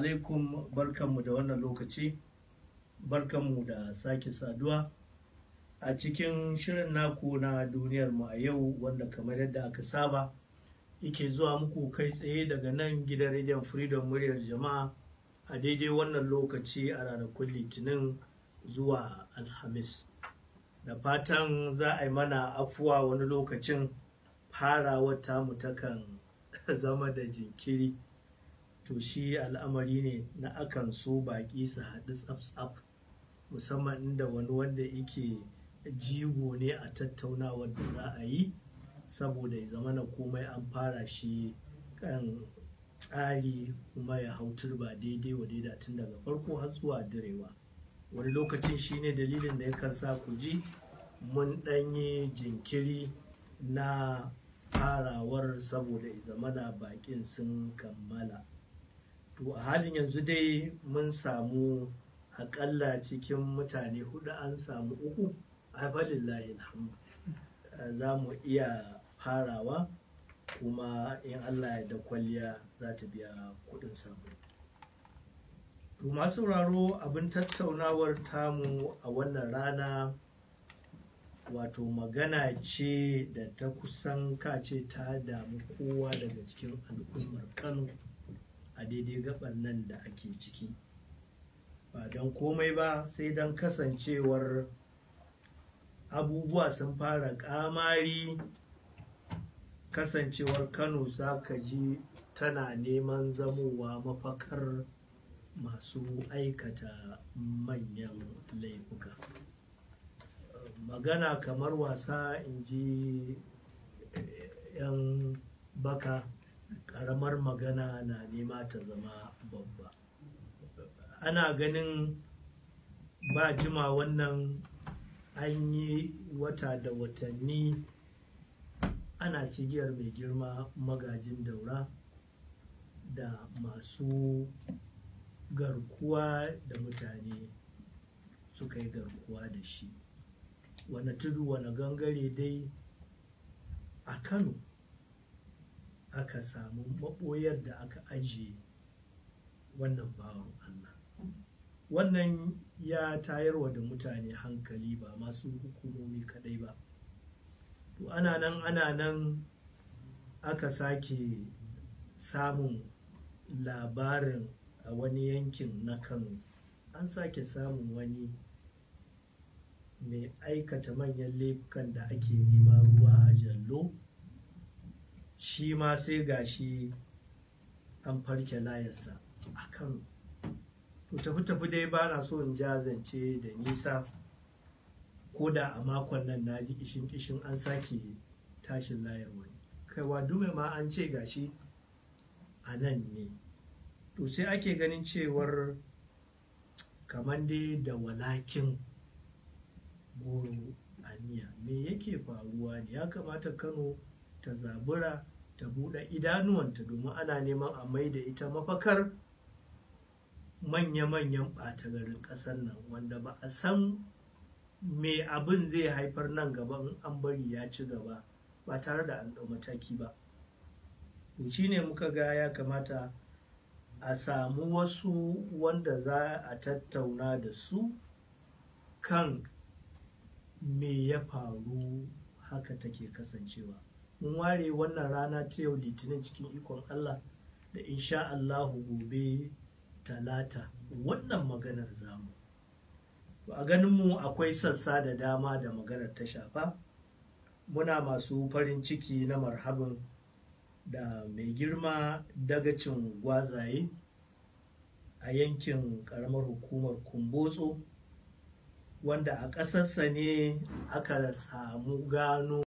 alaikum barkanmu da wannan lokaci barkanmu da sake saduwa a cikin shirin naku na duniyar mu a yau wanda kamar yadda aka saba yake zuwa muku kai tsaye daga nan gidan rediyon freedom muryar jama'a a daidai wannan lokaci a ranakun litinin zuwa alhamis da fatan za a yi mana afuwa wani lokacin fara wata takan zama da jinkiri to shi al'amari ne na akan so baƙi su haɗu tsaf-tsaf musamman inda wani wanda yake jigo ne a tattaunawar da za a yi saboda ya zama na komai an fara shi kan tsari kuma ya hau turba daidai wa daida tun daga farko har zuwa direwa wani lokacin shi ne dalilin da kan sa ku ji mun ɗanyi jinkiri na farawar saboda izamana bakin sun kammala to a halin yanzu dai mun samu akalla cikin mutane hudu an samu uku alhamdulillahi alhamdu eh, za mu iya farawa kuma in allah ya da kwalliya za ta biya kudin samu to masu sauraro abin tattaunawar tamu a wannan rana wato magana ce da ta kusan kace ta damu kowa daga cikin al'ummar kano a daidai gabar nan da ake ciki ba don komai ba sai don kasancewar abubuwa sun fara kamari kasancewar kano za ka ji tana neman zamowa mafakar masu aikata manyan laifuka magana kamar wasa in ji eh, 'yan baka karamar magana na nema ta zama babba ana ganin ba jima wannan an yi wata da watanni ana cigiyar mai girma magajin daura da masu garkuwa da mutane suka yi garkuwa da shi wani tudu wane gangare dai a kano aka samu maɓoyar da aka ajiye wannan bawan Allah wannan ya tayarwa da mutane hankali ba masu hukumomi kadai ba to ana nan ana nan aka sake samun labarin a wani yankin na kano an sake samun wani mai aikata manyan laifukan da ake nema ruwa a jallo shi ma sai gashi an farke layarsa akan to tafi-tafi dai ba na so in jazance da nisa ko da a makon nan na ji kishin-kishin an sake tashin layar wani kaiwa dume ma an ce gashi a nan ne to sai ake ganin cewar kamar dai da walakin goro aniya me yake faruwa ne ya kamata kano ta zabura ta buɗe idanuwanta domin ana neman a mai da ita mafakar manya-manyan ɓata garin ƙasar nan wanda ba a san me abin zai haifar nan gaba in an bari ya ci gaba ba tare da an mataki ba to shi ne muka ga ya kamata a samu wasu wanda za a tattauna da su kan me ya faru haka take kasancewa mun ware wannan rana ta yau litinin cikin ikon Allah da insha Allahu gobe talata wannan maganar zamu a ganin mu akwai sassa da dama da maganar ta shafa muna masu farin ciki na marhaban da mai girma dagacin gwazaye a yankin karamar hukumar kumbotso wanda a ƙasarsa ne aka samu gano